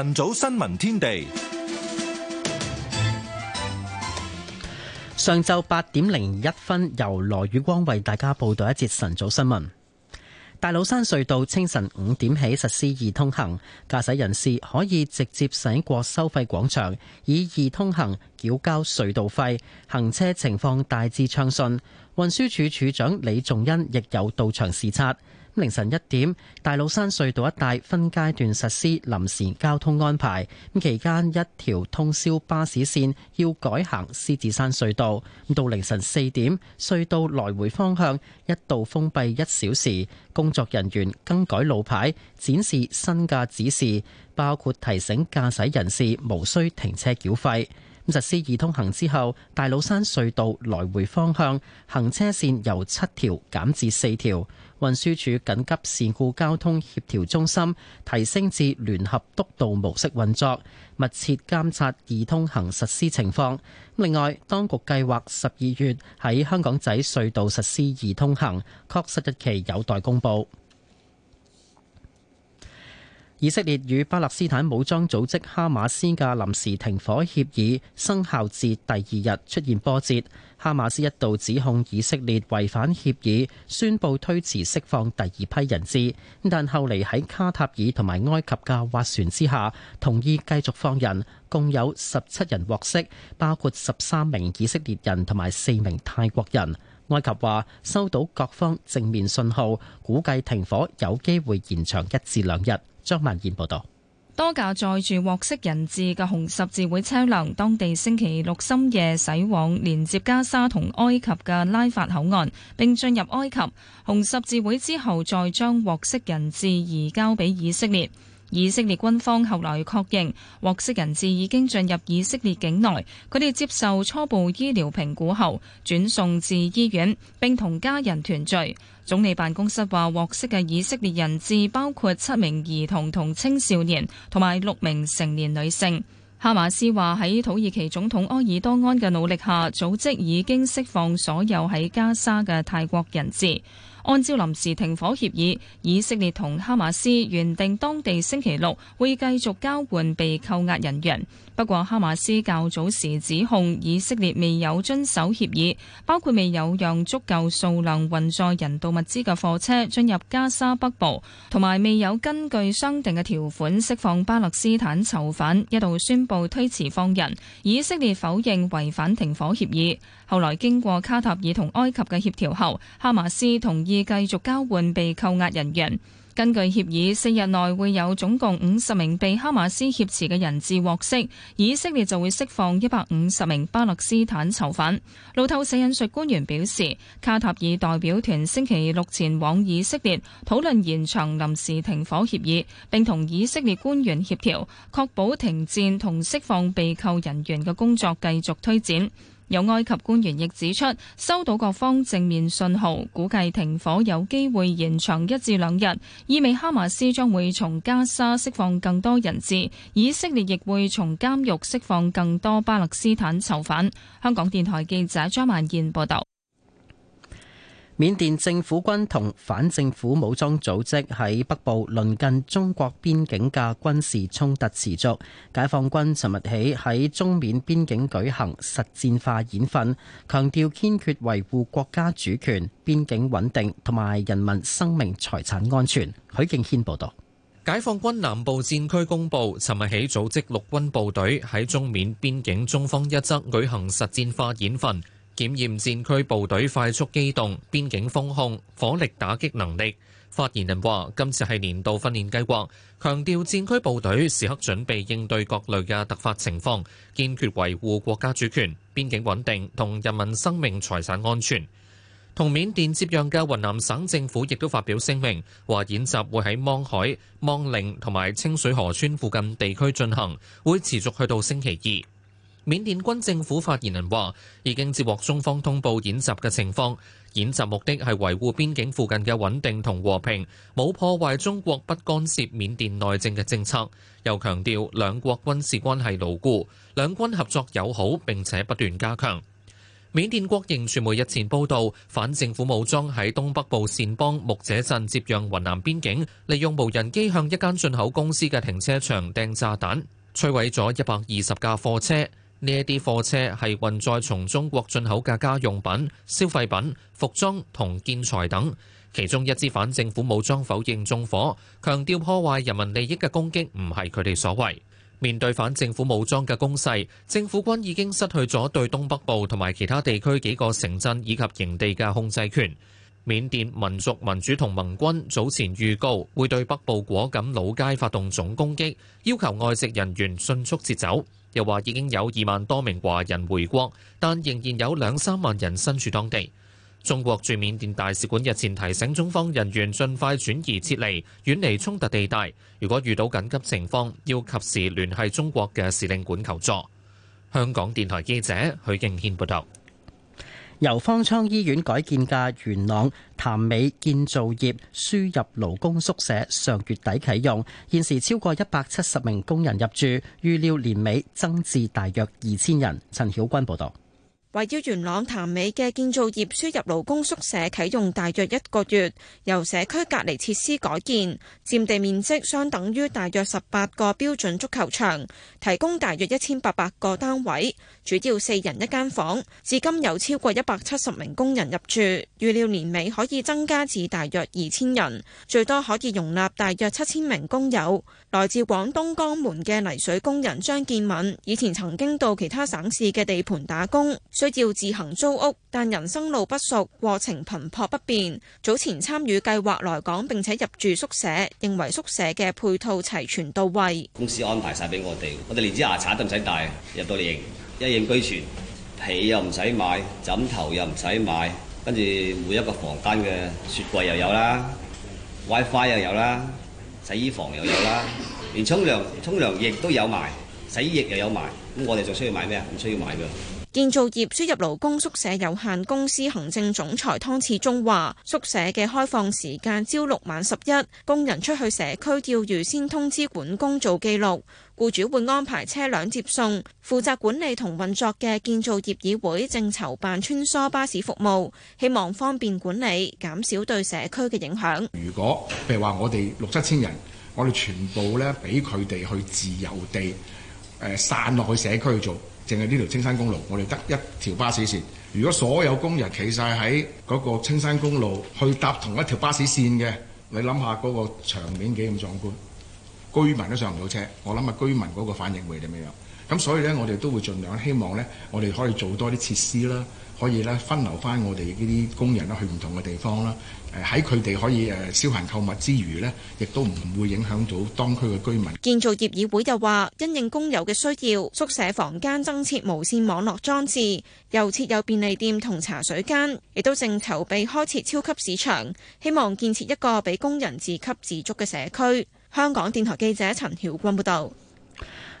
晨早新聞天地。上晝八點零一分，由羅宇光為大家報道一節晨早新聞。大老山隧道清晨五點起實施易通行，駕駛人士可以直接駛過收費廣場，以易通行繳交隧道費。行車情況大致暢順，運輸署署長李仲恩亦有到場視察。凌晨一點，大老山隧道一帶分階段實施臨時交通安排。咁期間，一條通宵巴士線要改行獅子山隧道。到凌晨四點，隧道來回方向一度封閉一小時，工作人員更改路牌，展示新嘅指示，包括提醒駕駛人士無需停車繳費。實施易通行之後，大老山隧道來回方向行車線由七條減至四條。運輸署緊急事故交通協調中心提升至聯合督導模式運作，密切監察易通行實施情況。另外，當局計劃十二月喺香港仔隧道實施易通行，確實日期有待公佈。以色列與巴勒斯坦武裝組織哈馬斯嘅臨時停火協議生效至第二日出現波折。哈馬斯一度指控以色列違反協議，宣布推遲釋放第二批人質，但後嚟喺卡塔爾同埋埃及嘅斡旋之下，同意繼續放人，共有十七人獲釋，包括十三名以色列人同埋四名泰國人。埃及話收到各方正面信號，估計停火有機會延長一至兩日。張曼燕報導，多架載住獲釋人質嘅紅十字會車輛，當地星期六深夜駛往連接加沙同埃及嘅拉法口岸，並進入埃及，紅十字會之後再將獲釋人質移交俾以色列。以色列軍方後來確認，獲釋人質已經進入以色列境內。佢哋接受初步醫療評估後，轉送至醫院並同家人團聚。總理辦公室話，獲釋嘅以色列人質包括七名兒童同青少年，同埋六名成年女性。哈馬斯話喺土耳其總統埃爾多安嘅努力下，組織已經釋放所有喺加沙嘅泰國人質。按照臨時停火協議，以色列同哈馬斯原定當地星期六會繼續交換被扣押人員。不過，哈馬斯較早時指控以色列未有遵守協議，包括未有讓足夠數量運載人道物資嘅貨車進入加沙北部，同埋未有根據商定嘅條款釋放巴勒斯坦囚犯，一度宣布推遲放人。以色列否認違反停火協議。後來經過卡塔爾同埃及嘅協調後，哈馬斯同意繼續交換被扣押人員。根據協議，四日內會有總共五十名被哈馬斯挾持嘅人質獲釋，以色列就會釋放一百五十名巴勒斯坦囚犯。路透社引述官員表示，卡塔爾代表團星期六前往以色列，討論延長臨時停火協議，並同以色列官員協調，確保停戰同釋放被扣人員嘅工作繼續推展。有埃及官員亦指出，收到各方正面信號，估計停火有機會延長一至兩日，意味哈馬斯將會從加沙釋放更多人質，以色列亦會從監獄釋放更多巴勒斯坦囚犯。香港電台記者張曼燕報道。緬甸政府軍同反政府武裝組織喺北部鄰近中國邊境嘅軍事衝突持續。解放軍尋日起喺中緬邊境舉行實戰化演訓，強調堅決維護國家主權、邊境穩定同埋人民生命財產安全。許敬軒報導。解放軍南部戰區公布，尋日起組織陸軍部隊喺中緬邊境中方一側舉行實戰化演訓。檢驗戰區部隊快速機動、邊境封控、火力打擊能力。發言人話：今次係年度訓練計劃，強調戰區部隊時刻準備應對各類嘅突發情況，堅決維護國家主權、邊境穩定同人民生命財產安全。同緬甸接壤嘅雲南省政府亦都發表聲明，話演習會喺芒海、芒嶺同埋清水河村附近地區進行，會持續去到星期二。緬甸軍政府發言人話：已經接獲中方通報演習嘅情況，演習目的係維護邊境附近嘅穩定同和，和平，冇破壞中國不干涉緬甸內政嘅政策。又強調兩國軍事關係牢固，兩軍合作友好，並且不斷加強。緬甸國營傳媒日前報道，反政府武裝喺東北部善邦木姐鎮接壤雲南邊境，利用無人機向一間進口公司嘅停車場掟炸彈，摧毀咗一百二十架貨車。呢一啲貨車係運載從中國進口嘅家用品、消費品、服裝同建材等。其中一支反政府武裝否認縱火，強調破壞人民利益嘅攻擊唔係佢哋所為。面對反政府武裝嘅攻勢，政府軍已經失去咗對東北部同埋其他地區幾個城鎮以及營地嘅控制權。緬甸民族民主同盟軍早前預告會對北部果敢老街發動總攻擊，要求外籍人員迅速撤走。又話已經有二萬多名華人回國，但仍然有兩三萬人身處當地。中國駐緬甸大使館日前提醒中方人員盡快轉移撤離，遠離衝突地帶。如果遇到緊急情況，要及時聯繫中國嘅使領館求助。香港電台記者許敬軒報道。由方艙醫院改建嘅元朗潭尾建造業輸入勞工宿舍，上月底啟用，現時超過一百七十名工人入住，預料年尾增至大約二千人。陳曉君報道。位於元朗潭尾嘅建造業輸入勞工宿舍啟用大約一個月，由社區隔離設施改建，佔地面積相等於大約十八個標準足球場，提供大約一千八百個單位，主要四人一間房。至今有超過一百七十名工人入住，預料年尾可以增加至大約二千人，最多可以容納大約七千名工友。來自廣東江門嘅泥水工人張建敏，以前曾經到其他省市嘅地盤打工，需要自行租屋，但人生路不熟，過程頻撲不便。早前參與計劃來港並且入住宿舍，認為宿舍嘅配套齊全到位，公司安排晒俾我哋，我哋連支牙刷都唔使帶入到嚟，一應俱全，被又唔使買，枕頭又唔使買，跟住每一個房間嘅雪櫃又有啦，WiFi 又有啦。洗衣房又有啦，連沖涼、沖涼液都有埋，洗衣液又有埋。咁我哋仲需要買咩啊？唔需要買㗎。建造業輸入勞工宿舍有限公司行政總裁湯次中話：宿舍嘅開放時間朝六晚十一，工人出去社區要預先通知管工做記錄，雇主會安排車輛接送。負責管理同運作嘅建造業議會正籌辦穿梭巴士服務，希望方便管理，減少對社區嘅影響。如果譬如話我哋六七千人，我哋全部咧俾佢哋去自由地、呃、散落去社區去做。淨係呢條青山公路，我哋得一條巴士線。如果所有工人企曬喺嗰個青山公路去搭同一條巴士線嘅，你諗下嗰個場面幾咁壯觀，居民都上唔到車，我諗下居民嗰個反應會係點樣？咁所以咧，我哋都會盡量，希望咧，我哋可以做多啲設施啦，可以咧，分流翻我哋呢啲工人啦，去唔同嘅地方啦。誒喺佢哋可以誒消閒購物之餘咧，亦都唔會影響到當區嘅居民。建造業議會又話，因應工友嘅需要，宿舍房間增設無線網絡裝置，又設有便利店同茶水間，亦都正籌備開設超級市場，希望建設一個俾工人自給自足嘅社區。香港電台記者陳曉君報道。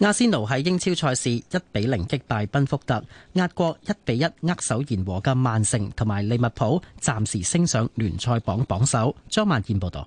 阿仙奴喺英超賽事一比零擊敗賓福特，壓過一比一握手言和嘅曼城同埋利物浦，暫時升上聯賽榜榜首。張萬健報道。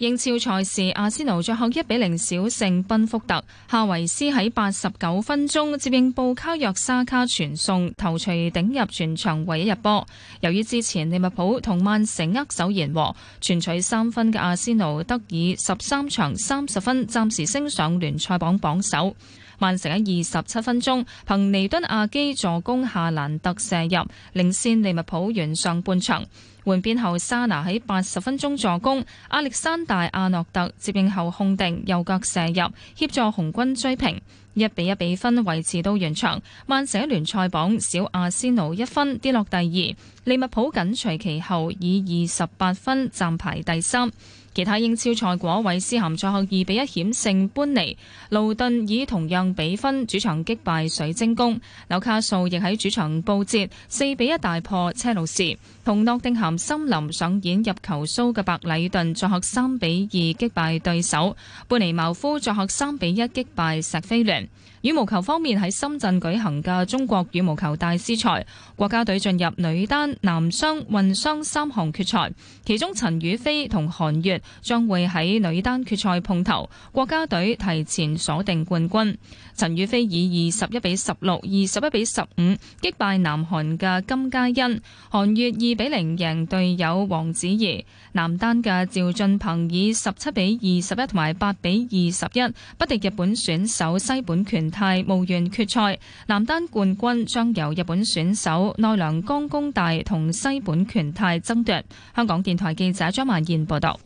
英超賽事，阿仙奴作客一比零小勝賓福特，夏維斯喺八十九分鐘接應布卡約沙卡傳送頭槌頂入全場唯一入波。由於之前利物浦同曼城握手言和，全取三分嘅阿仙奴得以十三場三十分，暫時升上聯賽榜榜首。曼城喺二十七分鐘，憑尼敦亞基助攻夏蘭特射入，領先利物浦完上半場。換邊後，沙拿喺八十分鐘助攻亞歷山大阿諾特接應後控定右腳射入，協助紅軍追平一比一比分，維持到完場。曼城聯賽榜少阿仙奴一分跌落第二，利物浦緊隨其後，以二十八分暫排第三。其他英超賽果：韋斯咸作客二比一險勝班尼，盧頓以同樣比分主場擊敗水晶宮，紐卡素亦喺主場報捷，四比一大破車路士，同諾丁咸森林上演入球騷嘅白禮頓作客三比二擊敗對手，布尼茅夫作客三比一擊敗石飛聯。羽毛球方面喺深圳舉行嘅中國羽毛球大師賽，國家隊進入女單、男雙、混雙三項決賽。其中陳雨菲同韓悅將會喺女單決賽碰頭，國家隊提前鎖定冠軍。陳雨菲以二十一比十六、二十一比十五擊敗南韓嘅金佳欣，韓悅二比零贏隊友王子怡。男單嘅趙俊鵬以十七比二十一同埋八比二十一不敵日本選手西本拳太無緣決賽，男單冠軍將由日本選手奈良岡功大同西本拳太爭奪。香港電台記者張曼燕報道。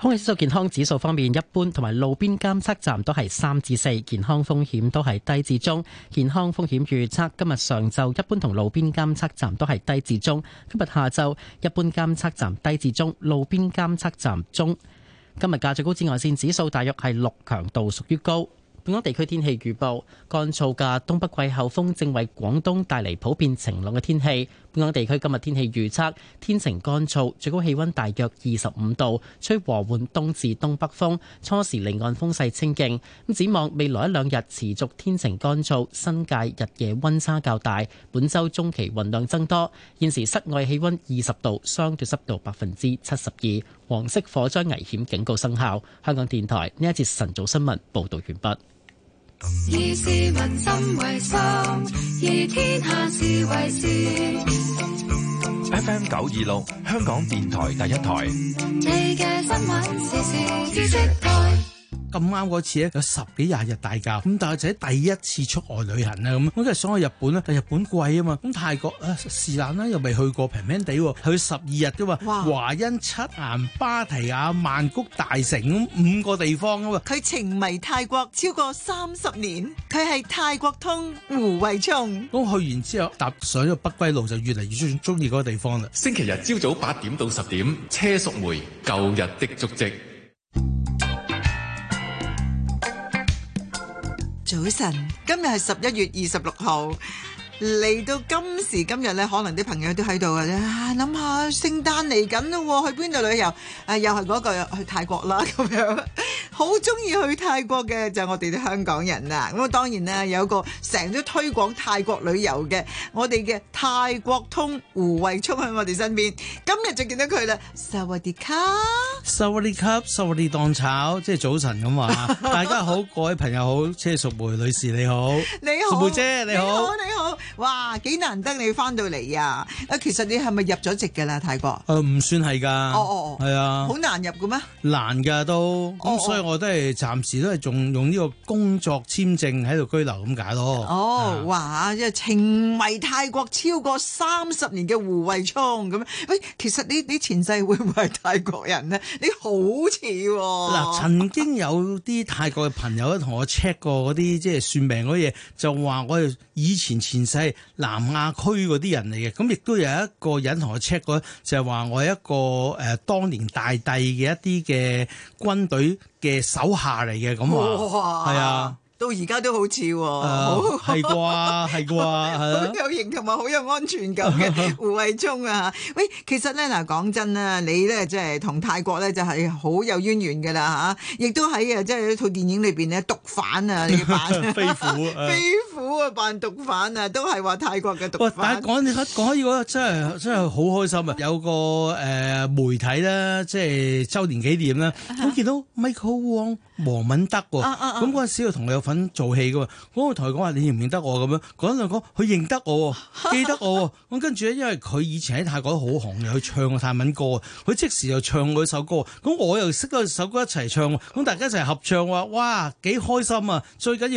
空氣質素健康指數方面，一般同埋路邊監測站都係三至四，健康風險都係低至中。健康風險預測今日上晝一般同路邊監測站都係低至中，今日下晝一般監測站低至中，路邊監測站中。今日嘅最高紫外綫指數大約係六，強度屬於高。本港地區天氣預報：乾燥嘅東北季候風正為廣東帶嚟普遍晴朗嘅天氣。香港地區今日天氣預測：天晴乾燥，最高氣溫大約二十五度，吹和緩東至東北風，初時離岸風勢清勁。咁展望未來一兩日持續天晴乾燥，新界日夜溫差較大。本周中期雲量增多，現時室外氣溫二十度，相對濕度百分之七十二，黃色火災危險警告生效。香港電台呢一節晨早新聞報道完畢。以市民心為心，以天下事為事。 FM 九二六，香港電台第一台。 你咁啱嗰次咧有十幾廿日大假，咁但係仔第一次出外旅行啦咁，我真係想去日本啦，但日本貴啊嘛，咁泰國啊是但啦，又未去過平平地，去十二日啫喎，哇華欣七岩、七賢、芭提亞、曼谷大城咁五個地方啊，佢情迷泰國超過三十年，佢係泰國通胡慧沖，咁去完之後踏上咗北歸路就越嚟越鍾意嗰個地方啦。星期日朝早八點到十點，車淑梅，舊日的足跡。早晨，今日係十一月二十六號，嚟到今時今日咧，可能啲朋友都喺度啊，諗下聖誕嚟緊咯，去邊度旅遊？誒，又係嗰個去泰國啦，咁樣。好中意去泰國嘅就係、是、我哋啲香港人啦，咁啊當然啦，有個成日都推廣泰國旅遊嘅我哋嘅泰國通胡慧沖喺我哋身邊，今日就見到佢啦。Sawasdee krap？Sawasdee krap？Sawasdee kaa 炒，即係早晨咁話。 大家好，各位朋友好，車淑梅女士你好，你好，你好淑梅姐你好，你好，你好，哇，幾難得你返到嚟呀？啊，其實你係咪入咗籍嘅啦？泰國？誒、呃，唔算係㗎、 哦。哦、啊、哦。係、哦、啊。好難入嘅咩？難㗎都。咁所以。我都係暫時都係仲用呢個工作簽證喺度居留咁解咯。哦，啊、哇！即係情迷泰國超過三十年嘅胡慧聰咁樣。喂、哎，其實你你前世會唔會係泰國人呢？你好似喎、哦。嗱、啊，曾經有啲泰國嘅朋友都同我 check 過嗰啲即係算命嗰啲嘢， 就話我係以前前世南亞區嗰啲人嚟嘅。咁亦都有一個人同我 check 過，就係話我係一個誒當年大帝嘅一啲嘅軍隊。嘅手下嚟嘅咁話，係啊。哇 到而家都好似，係啩，係啩，好有型同埋好有安全感嘅胡慧中啊！喂，其實咧嗱，講真啊，你咧即係同泰國咧就係好有淵源嘅啦嚇，亦都喺啊即係一套電影裏邊咧，毒販啊，你扮飛虎，飛虎啊，扮毒販啊，都係話泰國嘅毒販。喂，講你講起我真係真係好開心啊！有個誒媒體啦，即係周年紀念啦，我見到 Michael Wong。王敏德喎，咁陣、uh, uh, uh. 時又同你有份做戲嘅喎，嗰陣同佢講話，你認唔認得我咁樣？嗰陣佢講佢認得我，記得我，咁 跟住咧，因為佢以前喺泰國好紅嘅，去唱過泰文歌，佢即時又唱過一首歌，咁我又識咗首歌一齊唱，咁大家一齊合唱話，哇幾開心啊，最緊要。